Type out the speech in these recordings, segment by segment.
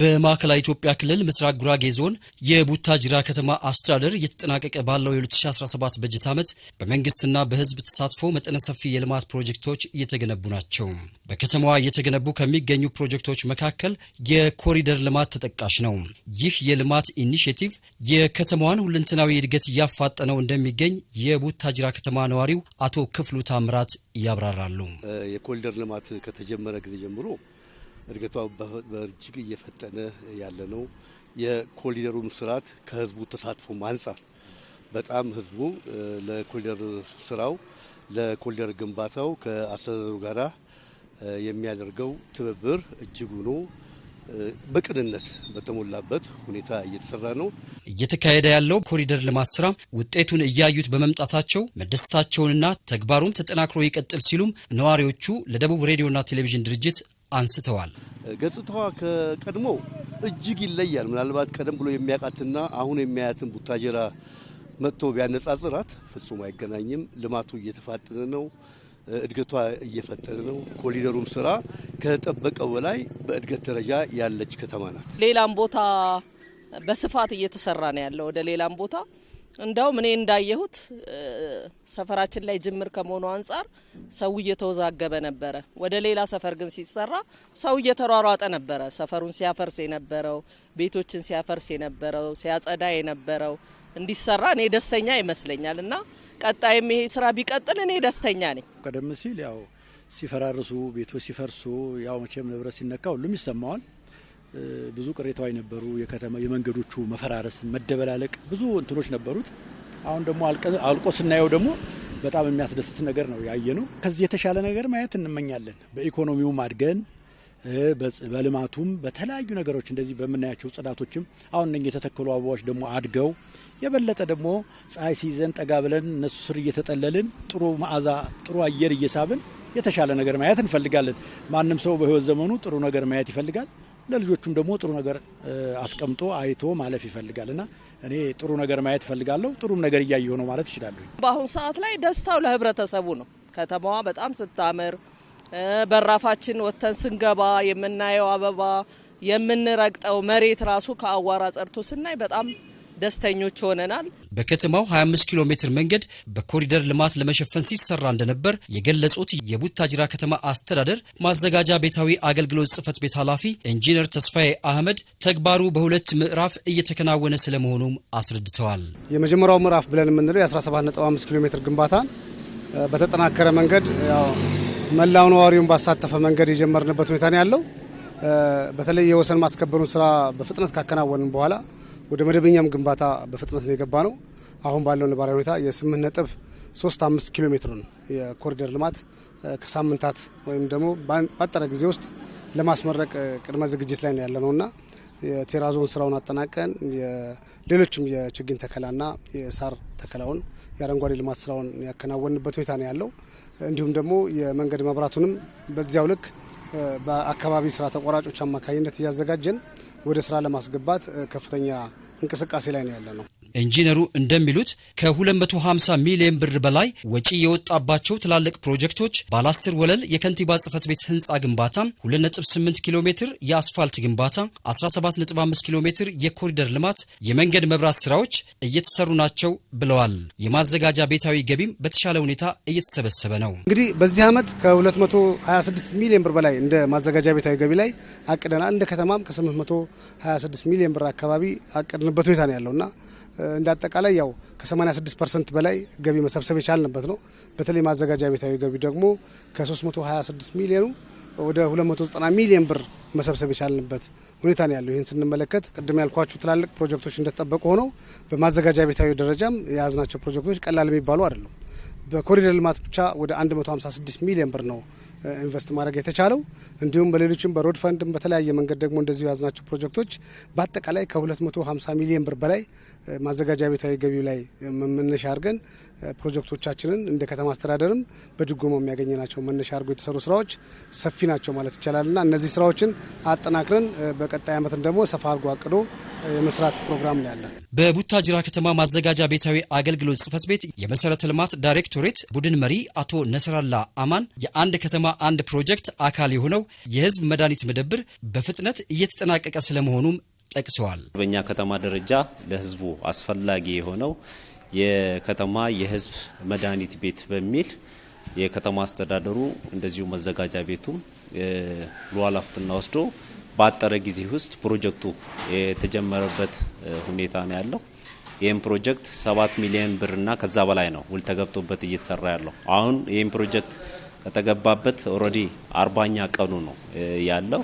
በማዕከላዊ ኢትዮጵያ ክልል ምስራቅ ጉራጌ ዞን የቡታጅራ ከተማ አስተዳደር እየተጠናቀቀ ባለው የ2017 በጀት ዓመት በመንግስትና በህዝብ ተሳትፎ መጠነ ሰፊ የልማት ፕሮጀክቶች እየተገነቡ ናቸው። በከተማዋ እየተገነቡ ከሚገኙ ፕሮጀክቶች መካከል የኮሪደር ልማት ተጠቃሽ ነው። ይህ የልማት ኢኒሽቲቭ የከተማዋን ሁለንተናዊ እድገት እያፋጠነው እንደሚገኝ የቡታጅራ ከተማ ነዋሪው አቶ ክፍሉ ታምራት ያብራራሉ። የኮሪደር ልማት ከተጀመረ ጊዜ ጀምሮ እድገቷ በእጅግ እየፈጠነ ያለ ነው። የኮሪደሩም ስርዓት ከህዝቡ ተሳትፎ አንጻር በጣም ህዝቡ ለኮሊደር ስራው ለኮሊደር ግንባታው ከአስተዳደሩ ጋራ የሚያደርገው ትብብር እጅግ ሆኖ በቅንነት በተሞላበት ሁኔታ እየተሰራ ነው። እየተካሄደ ያለው ኮሪደር ልማት ስራ ውጤቱን እያዩት በመምጣታቸው መደሰታቸውንና ተግባሩም ተጠናክሮ ይቀጥል ሲሉም ነዋሪዎቹ ለደቡብ ሬዲዮና ቴሌቪዥን ድርጅት አንስተዋል። ገጽታዋ ከቀድሞ እጅግ ይለያል። ምናልባት ቀደም ብሎ የሚያውቃትና አሁን የሚያያትን ቡታጀራ መጥቶ ቢያነጻጽራት ፍጹም አይገናኝም። ልማቱ እየተፋጠነ ነው። እድገቷ እየፈጠነ ነው። ኮሊደሩም ስራ ከተጠበቀው በላይ በእድገት ደረጃ ያለች ከተማ ናት። ሌላም ቦታ በስፋት እየተሰራ ነው ያለው ወደ ሌላም ቦታ እንደውም እኔ እንዳየሁት ሰፈራችን ላይ ጅምር ከመሆኑ አንጻር ሰው እየተወዛገበ ነበረ። ወደ ሌላ ሰፈር ግን ሲሰራ ሰው እየተሯሯጠ ነበረ። ሰፈሩን ሲያፈርስ የነበረው፣ ቤቶችን ሲያፈርስ የነበረው፣ ሲያጸዳ የነበረው እንዲሰራ እኔ ደስተኛ ይመስለኛል እና ቀጣይም ይሄ ስራ ቢቀጥል እኔ ደስተኛ ነኝ። ቀደም ሲል ያው ሲፈራርሱ ቤቶች ሲፈርሱ ያው መቼም ንብረት ሲነካ ሁሉም ይሰማዋል። ብዙ ቅሬታዎች ነበሩ። የከተማ የመንገዶቹ መፈራረስ፣ መደበላለቅ ብዙ እንትኖች ነበሩት። አሁን ደግሞ አልቆ ስናየው ደግሞ በጣም የሚያስደስት ነገር ነው ያየነው። ከዚህ የተሻለ ነገር ማየት እንመኛለን። በኢኮኖሚውም አድገን በልማቱም በተለያዩ ነገሮች እንደዚህ በምናያቸው ጽዳቶችም አሁን እነ የተተከሉ አበባዎች ደግሞ አድገው የበለጠ ደግሞ ፀሐይ ሲይዘን ጠጋ ብለን እነሱ ስር እየተጠለልን ጥሩ መዓዛ ጥሩ አየር እየሳብን የተሻለ ነገር ማየት እንፈልጋለን። ማንም ሰው በህይወት ዘመኑ ጥሩ ነገር ማየት ይፈልጋል። ለልጆቹም ደግሞ ጥሩ ነገር አስቀምጦ አይቶ ማለፍ ይፈልጋል እና እኔ ጥሩ ነገር ማየት እፈልጋለሁ። ጥሩም ነገር እያየሁ ነው ማለት ይችላሉ። በአሁኑ ሰዓት ላይ ደስታው ለህብረተሰቡ ነው። ከተማዋ በጣም ስታምር፣ በራፋችን ወጥተን ስንገባ የምናየው አበባ፣ የምንረግጠው መሬት ራሱ ከአዋራ ጸርቶ ስናይ በጣም ደስተኞች ሆነናል። በከተማው 25 ኪሎ ሜትር መንገድ በኮሪደር ልማት ለመሸፈን ሲሰራ እንደነበር የገለጹት የቡታጅራ ከተማ አስተዳደር ማዘጋጃ ቤታዊ አገልግሎት ጽህፈት ቤት ኃላፊ ኢንጂነር ተስፋዬ አህመድ ተግባሩ በሁለት ምዕራፍ እየተከናወነ ስለመሆኑም አስረድተዋል። የመጀመሪያው ምዕራፍ ብለን የምንለው የ17.5 ኪሎ ሜትር ግንባታን በተጠናከረ መንገድ መላው ነዋሪውን ባሳተፈ መንገድ የጀመርንበት ሁኔታ ነው ያለው። በተለይ የወሰን ማስከበሩን ስራ በፍጥነት ካከናወንን በኋላ ወደ መደበኛም ግንባታ በፍጥነት ነው የገባ ነው። አሁን ባለው ነባራዊ ሁኔታ የስምንት ነጥብ ሶስት አምስት ኪሎ ሜትሩን የኮሪደር ልማት ከሳምንታት ወይም ደግሞ ባጠረ ጊዜ ውስጥ ለማስመረቅ ቅድመ ዝግጅት ላይ ነው ያለ ነውና የቴራዞን ስራውን አጠናቀን ሌሎችም የችግኝ ተከላና የሳር ተከላውን የአረንጓዴ ልማት ስራውን ያከናወንበት ሁኔታ ነው ያለው። እንዲሁም ደግሞ የመንገድ መብራቱንም በዚያው ልክ በአካባቢ ስራ ተቆራጮች አማካኝነት እያዘጋጀን ወደ ስራ ለማስገባት ከፍተኛ እንቅስቃሴ ላይ ነው ያለ ነው። ኢንጂነሩ እንደሚሉት ከ250 ሚሊዮን ብር በላይ ወጪ የወጣባቸው ትላልቅ ፕሮጀክቶች ባለ ወለል የከንቲባ ጽህፈት ቤት ህንፃ ግንባታ፣ 28 ኪሎ ሜትር የአስፋልት ግንባታ፣ 175 ኪሎ ሜትር የኮሪደር ልማት፣ የመንገድ መብራት ስራዎች እየተሰሩ ናቸው ብለዋል። የማዘጋጃ ቤታዊ ገቢም በተሻለ ሁኔታ እየተሰበሰበ ነው። እንግዲህ በዚህ ዓመት ከ226 ሚሊዮን ብር በላይ እንደ ማዘጋጃ ቤታዊ ገቢ ላይ አቅደናል። እንደ ከተማም ከ826 ሚሊዮን ብር አካባቢ አቅድንበት ሁኔታ ነው ያለውና እንደ አጠቃላይ ያው ከ86 ፐርሰንት በላይ ገቢ መሰብሰብ የቻልንበት ነው። በተለይ ማዘጋጃ ቤታዊ ገቢ ደግሞ ከ326 ሚሊዮኑ ወደ 290 ሚሊዮን ብር መሰብሰብ የቻልንበት ሁኔታ ነው ያለው። ይህን ስንመለከት ቅድም ያልኳችሁ ትላልቅ ፕሮጀክቶች እንደተጠበቁ ሆነው በማዘጋጃ ቤታዊ ደረጃም የያዝናቸው ፕሮጀክቶች ቀላል የሚባሉ አይደሉም። በኮሪደር ልማት ብቻ ወደ 156 ሚሊዮን ብር ነው ኢንቨስት uh, ማድረግ የተቻለው እንዲሁም በሌሎችም በሮድ ፈንድም በተለያየ መንገድ ደግሞ እንደዚሁ የያዝናቸው ፕሮጀክቶች በአጠቃላይ ከ250 ሚሊዮን ብር በላይ uh, ማዘጋጃ ቤታዊ ገቢው ላይ uh, መነሻ አድርገን ፕሮጀክቶቻችንን እንደ ከተማ አስተዳደርም በድጎማ የሚያገኘናቸው መነሻ አድርጎ የተሰሩ ስራዎች ሰፊ ናቸው ማለት ይቻላልና እነዚህ ስራዎችን አጠናክረን በቀጣይ ዓመትም ደግሞ ሰፋ አድርጎ አቅዶ የመስራት ፕሮግራም ነው ያለን። በቡታጅራ ከተማ ማዘጋጃ ቤታዊ አገልግሎት ጽህፈት ቤት የመሰረተ ልማት ዳይሬክቶሬት ቡድን መሪ አቶ ነስራላ አማን የአንድ ከተማ አንድ ፕሮጀክት አካል የሆነው የህዝብ መድኃኒት መደብር በፍጥነት እየተጠናቀቀ ስለመሆኑም ጠቅሰዋል። በእኛ ከተማ ደረጃ ለህዝቡ አስፈላጊ የሆነው የከተማ የህዝብ መድኃኒት ቤት በሚል የከተማ አስተዳደሩ እንደዚሁ መዘጋጃ ቤቱም ሉዓላፍትና ወስዶ በአጠረ ጊዜ ውስጥ ፕሮጀክቱ የተጀመረበት ሁኔታ ነው ያለው። ይህም ፕሮጀክት ሰባት ሚሊዮን ብርና ከዛ በላይ ነው ውል ተገብቶበት እየተሰራ ያለው። አሁን ይህም ፕሮጀክት ከተገባበት ኦልሬዲ አርባኛ ቀኑ ነው ያለው።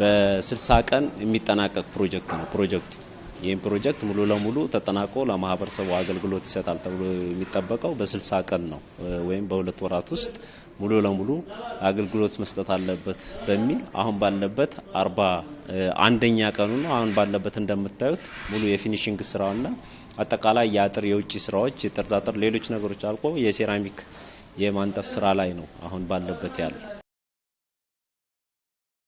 በስልሳ ቀን የሚጠናቀቅ ፕሮጀክት ነው ፕሮጀክቱ ይህም ፕሮጀክት ሙሉ ለሙሉ ተጠናቆ ለማህበረሰቡ አገልግሎት ይሰጣል ተብሎ የሚጠበቀው በስልሳ ቀን ነው ወይም በሁለት ወራት ውስጥ ሙሉ ለሙሉ አገልግሎት መስጠት አለበት በሚል አሁን ባለበት አርባ አንደኛ ቀኑ ነው። አሁን ባለበት እንደምታዩት ሙሉ የፊኒሽንግ ስራውና አጠቃላይ የአጥር የውጭ ስራዎች፣ የጠርዛጥር ሌሎች ነገሮች አልቆ የሴራሚክ የማንጠፍ ስራ ላይ ነው አሁን ባለበት ያለው።